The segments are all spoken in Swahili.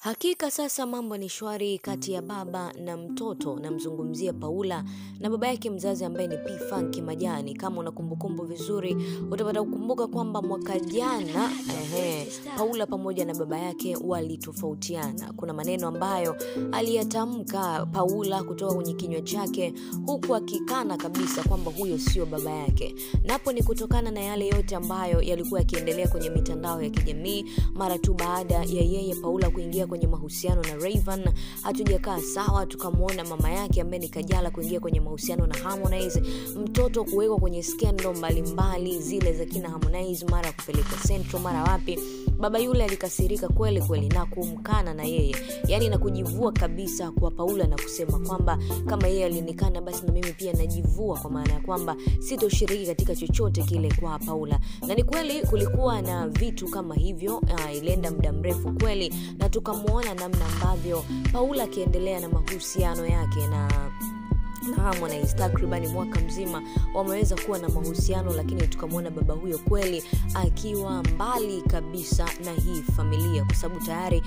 Hakika sasa mambo ni shwari kati ya baba na mtoto, namzungumzia Paula na baba yake mzazi ambaye ni P Funk Majani. Kama una kumbukumbu vizuri, utapata kukumbuka kwamba mwaka jana ehe, Paula pamoja na baba yake walitofautiana. Kuna maneno ambayo aliyatamka Paula kutoka kwenye kinywa chake, huku akikana kabisa kwamba huyo sio baba yake. Napo ni kutokana na yale yote ambayo yalikuwa yakiendelea kwenye mitandao ya kijamii mara tu baada ya yeye Paula kuingia kwenye mahusiano na raven hatujakaa sawa, tukamwona mama yake ambaye ni Kajala kuingia kwenye mahusiano na Harmonize, mtoto kuwekwa kwenye skendo mbalimbali zile za kina Harmonize, mara kupeleka Central, mara wapi baba yule alikasirika kweli kweli na kumkana na yeye yaani na kujivua kabisa kwa paula na kusema kwamba kama yeye alionekana basi na mimi pia najivua kwa maana ya kwamba sitoshiriki katika chochote kile kwa paula na ni kweli kulikuwa na vitu kama hivyo uh, ilienda muda mrefu kweli na tukam tunamwona namna ambavyo Paula akiendelea na mahusiano yake na na Harmonize takriban mwaka mzima wameweza kuwa na mahusiano, lakini tukamwona baba huyo kweli akiwa mbali kabisa na hii familia, kwa sababu tayari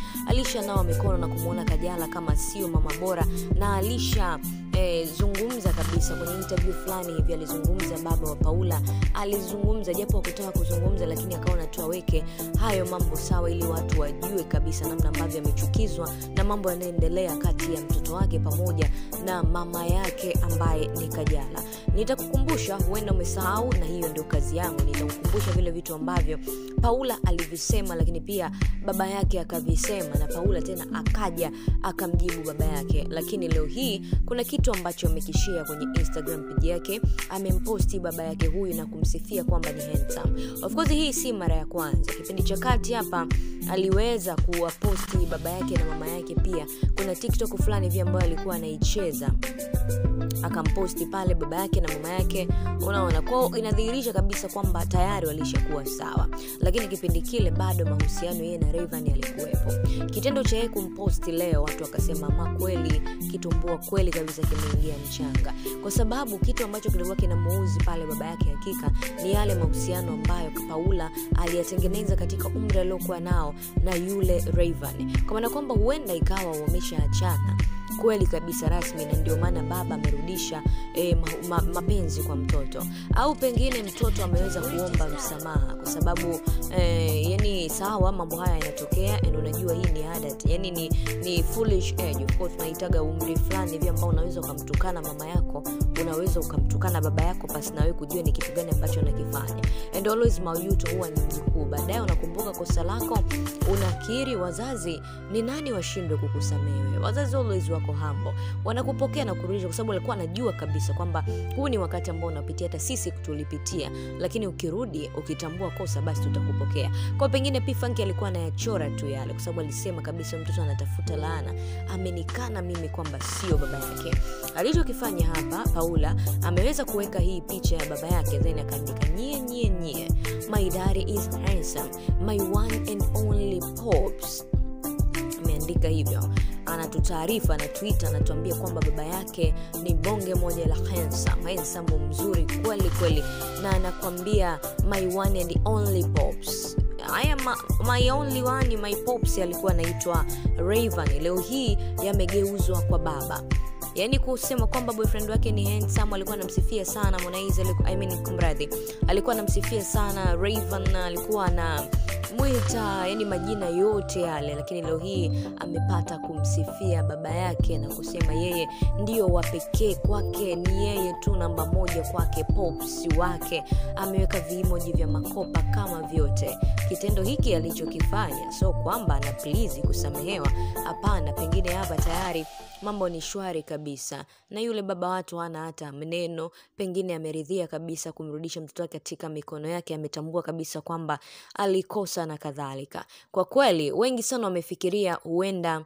nao mikono na kumwona Kajala kama sio mama bora, na alisha E, zungumza kabisa kwenye interview fulani hivi, alizungumza baba wa Paula, alizungumza japo akutaka kuzungumza, lakini akaona tu aweke hayo mambo sawa, ili watu wajue kabisa namna ambavyo amechukizwa na mambo yanayoendelea kati ya mtoto wake pamoja na mama yake ambaye ni Kajala. Nitakukumbusha, huenda umesahau, na hiyo ndio kazi yangu. Nitakukumbusha vile vitu ambavyo Paula alivisema, lakini pia baba yake akavisema, na Paula tena akaja akamjibu baba yake. Lakini leo hii kuna kitu ambacho amekishia kwenye Instagram page yake, amemposti baba yake huyu na kumsifia kwamba ni handsome. Of course hii si mara ya kwanza. Kipindi cha kati hapa aliweza kuwaposti baba yake na mama yake pia kuna tiktok fulani hivi ambayo alikuwa anaicheza akamposti pale baba yake na mama yake unaona kwao inadhihirisha kabisa kwamba tayari walishakuwa sawa lakini kipindi kile bado mahusiano yeye na ravan yalikuwepo kitendo cha yeye kumposti leo watu wakasema ma kweli kitumbua kweli kabisa kimeingia mchanga kwa sababu kitu ambacho kilikuwa kinamuuzi pale baba yake hakika ni yale mahusiano ambayo paula aliyatengeneza katika umri aliokuwa nao na yule ravan kwa maana kwamba huenda ikawa wameshaachana kweli kabisa rasmi na ndio maana baba amerudisha e, ma, ma, mapenzi kwa mtoto au pengine mtoto ameweza kuomba msamaha kwa sababu e, yani sawa mambo haya yanatokea and unajua hii ni adat yani ni, ni foolish age of course unahitaga umri fulani hivi ambao unaweza ukamtukana mama yako unaweza ukamtukana baba yako pasi nawe kujua ni kitu gani ambacho anakifanya and always maujuto huwa ni mjukuu baadaye unakumbuka kosa lako unakiri wazazi ni nani washindwe kukusamehe wazazi always wa wako hambo wanakupokea na kurudisha kwa sababu walikuwa wanajua kabisa kwamba huu ni wakati ambao unapitia hata sisi tulipitia lakini ukirudi ukitambua kosa basi tutakupokea kwa pengine pifanki alikuwa anayachora tu yale kwa sababu alisema kabisa mtoto anatafuta laana amenikana mimi kwamba sio baba yake alichokifanya hapa paula ameweza kuweka hii picha ya baba yake then akaandika nyie nyie nyie my daddy is handsome my one and only pops ameandika hivyo taarifa na twitter anatuambia kwamba baba yake ni bonge moja la handsome handsome mzuri kweli kweli na anakuambia my one and only pops haya my, my only one my pops alikuwa anaitwa raven leo hii yamegeuzwa kwa baba yani kusema kwamba boyfriend wake ni handsome alikuwa anamsifia sana Harmonize alikuwa, I mean kumradhi alikuwa anamsifia sana Raven na alikuwa na mwita yani majina yote yale lakini leo hii amepata kumsifia baba yake na kusema yeye ndio wa pekee kwake ni yeye tu namba moja kwake pops wake ameweka viimoji vya makopa kama vyote kitendo hiki alichokifanya so kwamba ana plizi kusamehewa hapana pengine hapa tayari mambo ni shwari kabisa kabisa, na yule baba watu hana hata mneno. Pengine ameridhia kabisa kumrudisha mtoto wake katika mikono yake, ametambua kabisa kwamba alikosa na kadhalika. Kwa kweli wengi sana wamefikiria huenda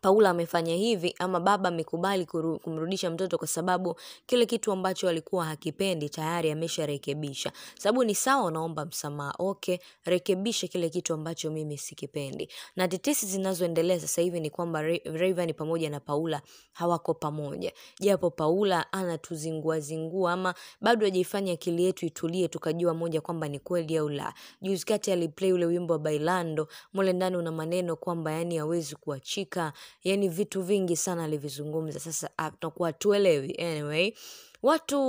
Paula amefanya hivi ama baba amekubali kumrudisha mtoto kwa sababu kile kitu ambacho alikuwa hakipendi tayari amesharekebisha. Sababu ni sawa, naomba msamaha. Okay, rekebisha kile kitu ambacho mimi sikipendi. Na tetesi zinazoendelea sasa hivi ni kwamba Rayvanny pamoja na Paula hawako pamoja. Japo Paula anatuzingua zingua ama bado hajaifanya akili yetu itulie tukajua moja kwamba ni kweli au la. Juzi kati aliplay ule wimbo wa Bailando, mule ndani una maneno kwamba yani hawezi kuachika yani vitu vingi sana alivizungumza sasa ah, tunakuwa tuelewi anyway watu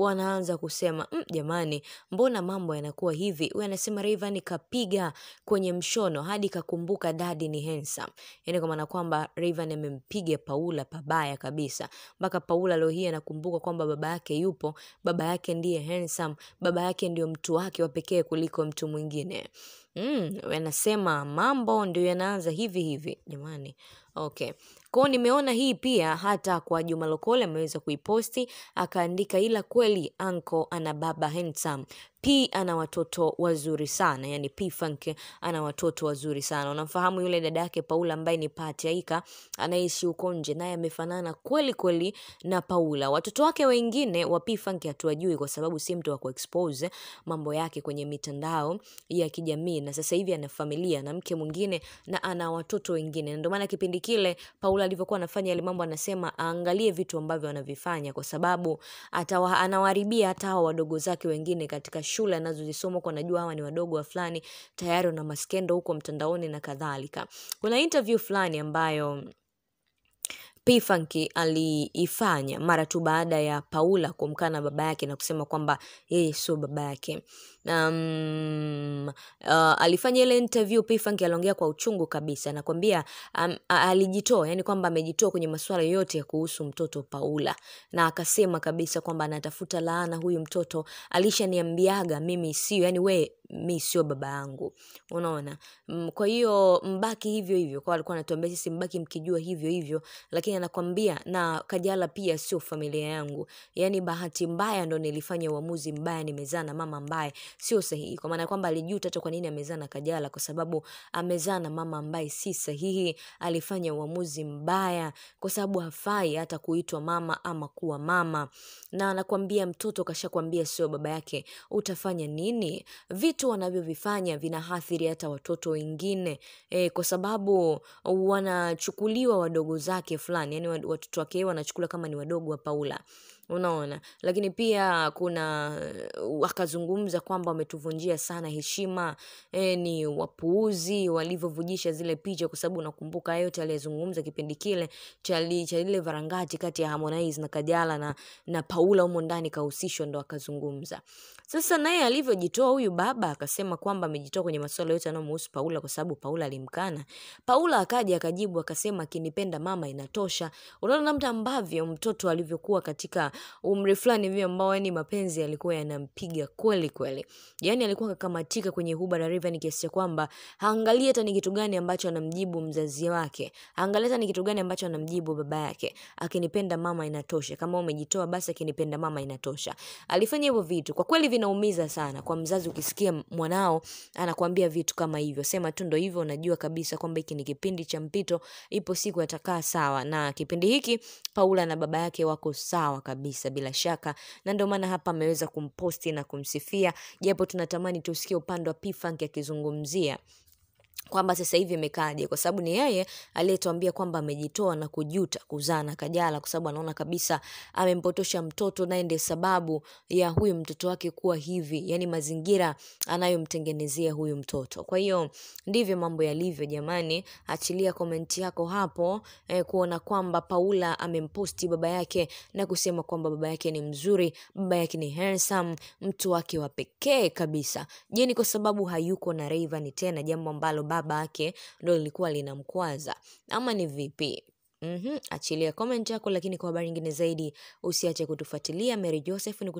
wanaanza kusema mm, jamani mbona mambo yanakuwa hivi huyu anasema Rayvanny kapiga kwenye mshono hadi kakumbuka dadi ni handsome yani kwa maana kwamba Rayvanny amempiga Paula pabaya kabisa mpaka Paula leo hii anakumbuka kwamba baba yake yupo baba yake ndiye handsome baba yake ndio mtu wake wa pekee kuliko mtu mwingine mm, anasema mambo ndio yanaanza hivi hivi jamani Okay Kwao nimeona hii pia hata kwa Juma Lokole ameweza kuiposti akaandika, ila kweli anko ana baba handsome P ana watoto wazuri sana yani, P Funk ana watoto wazuri sana. Unamfahamu yule dada yake Paula ambaye ni patiaika Aika anaishi huko nje, naye amefanana kweli kweli na Paula. Watoto wake wengine wa P Funk hatuwajui kwa sababu si mtu wa kuexpose mambo yake kwenye mitandao ya kijamii, na sasa hivi ana familia na mke mwingine na ana watoto wengine, ndio maana kipindi kile Paula Paul alivyokuwa anafanya yale mambo, anasema aangalie vitu ambavyo anavifanya, kwa sababu atawa, anawaharibia hata hawa wadogo zake wengine katika shule anazozisoma, kwa najua hawa ni wadogo wa fulani, tayari wana maskendo huko mtandaoni na kadhalika. Kuna interview fulani ambayo Pifanki aliifanya mara tu baada ya Paula kumkana baba yake na kusema kwamba yeye sio baba yake. Um, uh, alifanya ile interview Pifanki aliongea kwa uchungu kabisa, nakwambia um, alijitoa, yani kwamba amejitoa kwenye masuala yote ya kuhusu mtoto Paula, na akasema kabisa kwamba anatafuta laana huyu mtoto, alishaniambiaga mimi sio, yani we mi sio baba yangu unaona kwa hiyo mbaki hivyo hivyo kwa alikuwa anatuambia sisi mbaki mkijua hivyo hivyo lakini anakwambia na kajala pia sio familia yangu yani bahati mbaya ndo nilifanya uamuzi mbaya nimezaa na mama ambaye sio sahihi kwa maana kwamba alijuta hata kwa nini amezaa na kajala kwa sababu amezaa na mama ambaye si sahihi alifanya uamuzi mbaya kwa sababu hafai hata kuitwa mama ama kuwa mama na anakwambia mtoto kashakwambia sio baba yake utafanya nini vitu vitu wanavyovifanya vinaathiri hata watoto wengine e, kwa sababu wanachukuliwa wadogo zake fulani, yani watoto wake wanachukuliwa kama ni wadogo wa Paula. Unaona? Lakini pia kuna uh, wakazungumza kwamba wametuvunjia sana heshima, e, ni wapuuzi walivyovujisha zile picha, kwa sababu unakumbuka yote aliyezungumza kipindi kile cha lile varangati kati ya Harmonize na Kajala na, na Paula humo ndani kahusishwa, ndo akazungumza. Sasa naye alivyojitoa huyu baba akasema kwamba amejitoa kwenye maswala yote yanayomhusu Paula kwa sababu Paula alimkana. Paula akaja akajibu akasema, akinipenda mama inatosha. Unaona namna ambavyo mtoto alivyokuwa katika umri fulani hivi ambao yani mapenzi yalikuwa yanampiga kweli kweli. Yani alikuwa akakamatika kwenye huba la Rayvanny kiasi cha kwamba haangalia hata ni kitu gani ambacho anamjibu mzazi wake, haangalia hata ni kitu gani ambacho anamjibu baba yake. Akinipenda mama inatosha, kama umejitoa basi akinipenda mama inatosha. Alifanya hivyo vitu, kwa kweli vinaumiza sana kwa mzazi ukisikia mwanao anakuambia vitu kama hivyo. Sema tu ndo hivyo, unajua kabisa kwamba hiki ni kipindi cha mpito, ipo siku yatakaa sawa, na kipindi hiki Paula na baba yake wako sawa kabisa kabisa bila shaka, na ndio maana hapa ameweza kumposti na kumsifia, japo tunatamani tusikie upande wa P Funk akizungumzia kwamba sasa hivi imekaaje, kwa sababu ni yeye aliyetuambia kwamba amejitoa na kujuta kuzaa na Kajala, kwa sababu anaona kabisa amempotosha mtoto, naye ndiye sababu ya huyu mtoto wake kuwa hivi, yani mazingira anayomtengenezea huyu mtoto. Kwa hiyo ndivyo mambo yalivyo, jamani. Achilia komenti yako hapo eh, kuona kwamba Paula amemposti baba yake na kusema kwamba baba yake ni mzuri, baba yake ni handsome, mtu wake wa pekee kabisa. Je, ni kwa sababu hayuko na Rayvanny tena, jambo ambalo baba yake ndo lilikuwa linamkwaza ama ni vipi? Mm-hmm, achilia comment yako, lakini kwa habari nyingine zaidi usiache kutufuatilia. Mary Joseph ni